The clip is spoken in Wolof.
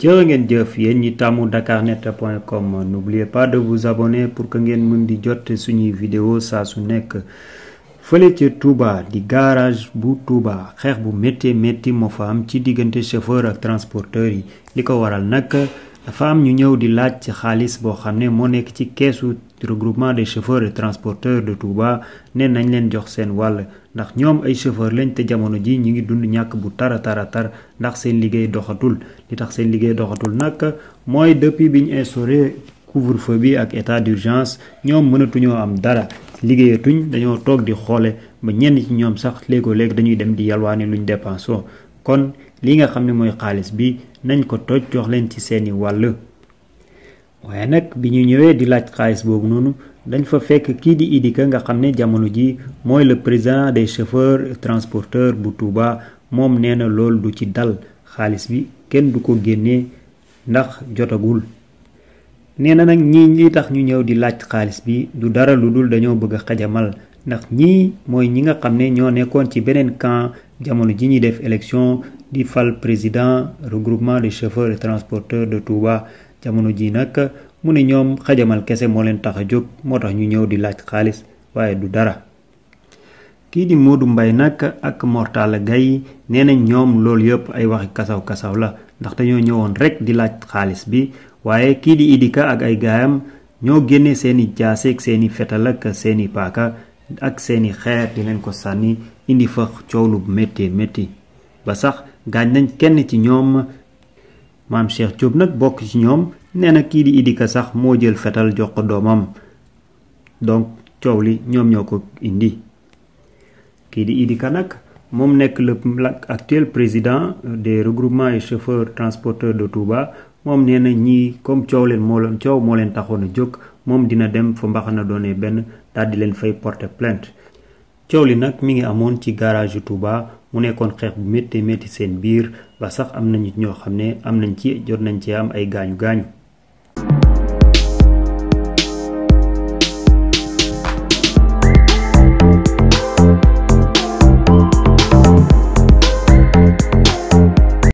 jërë ngeen jëf yéen ñi tàmmu dakarnet.com n'oubliez pas de vous abonner pour que ngeen mën di jot suñuy video saa su nekk fële ca Touba di garage bu Touba xeex bu métti métti moo fa am ci diggante chauffeur ak transporteur yi li ko waral nag dafa am ñu ñëw di laaj ci xaalis boo xam ne moo nekk ci keesu regroupement de chauffeurs et transporteurs de Touba neen nañ leen jox seen wàll ndax ñoom ay chauffeur lañ te jamono ji ñu ngi dund ñàkk bu tara tara tar ndax seen liggéey doxatul li tax seen liggéey doxatul nag mooy depuis bi ñu instauré couvre-feu bi ak état d'urgence ñoom mënatuñoo am dara liggéeyatuñ dañoo toog di xoole ba ñenn ci ñoom sax léegoo léegi dañuy dem di yalwaani luñ dépensoo kon lii nga xam ne mooy xaalis bi nañ ko toj jox leen ci seeni wàll waaye nag bi ñu ñëwee di laaj xaalis boobu noonu dañ fa fekk kii di Idi nga xam ne jamono ji mooy le président des chauffeurs transporteur bu Touba moom nee na loolu du ci dal xaalis bi kenn du ko génnee ndax jotagul nee na nag ñii li tax ñu ñëw di laaj xaalis bi du dara lu dul dañoo bëgg a xajamal ndax ñii mooy ñi nga xam ne ñoo nekkoon ci beneen camp jamono ji ñuy def élection di fal président groupement des chauffeurs et transporteurs de Touba jamono ji nag mu ne ñoom xajamal kese moo leen tax a jóg moo tax ñu ñëw di laaj xaalis waaye du dara kii di Modou mbay nag ak Mortala Gaye nee nañ ñoom loolu yëpp ay waxi kasaw-kasaw la ndax ñoo ñëwoon rek di laaj xaalis bi waaye kii di Idika ak ay gaayam ñoo génne seeni jaase ak seeni fetal seeni paaka ak seeni xeer di leen ko sànni indi fa coow lu métti metti ba sax gaañ nañ kenn ci ñoom maam Cheikh Diop nag bokk ci ñoom nee na kii di Idi Ka sax moo jël fetal jox ko doomam donc coow li ñoom ñoo ko indi kii di Idi Ka nag moom nekk le actuel président des regroupements et chauffeurs transporteurs de Touba moom nee na ñii comme coow leen moo leen moo leen taxoon a jóg moom dina dem fa mbaxana doone benn daldi leen fay porter plainte coow li nag mi ngi amoon ci garage yu mu nekkoon xeex bu métti métti seen biir ba sax am na nañu ñoo xam ne am nañ ci jot nañ ci am ay gaañu gaañu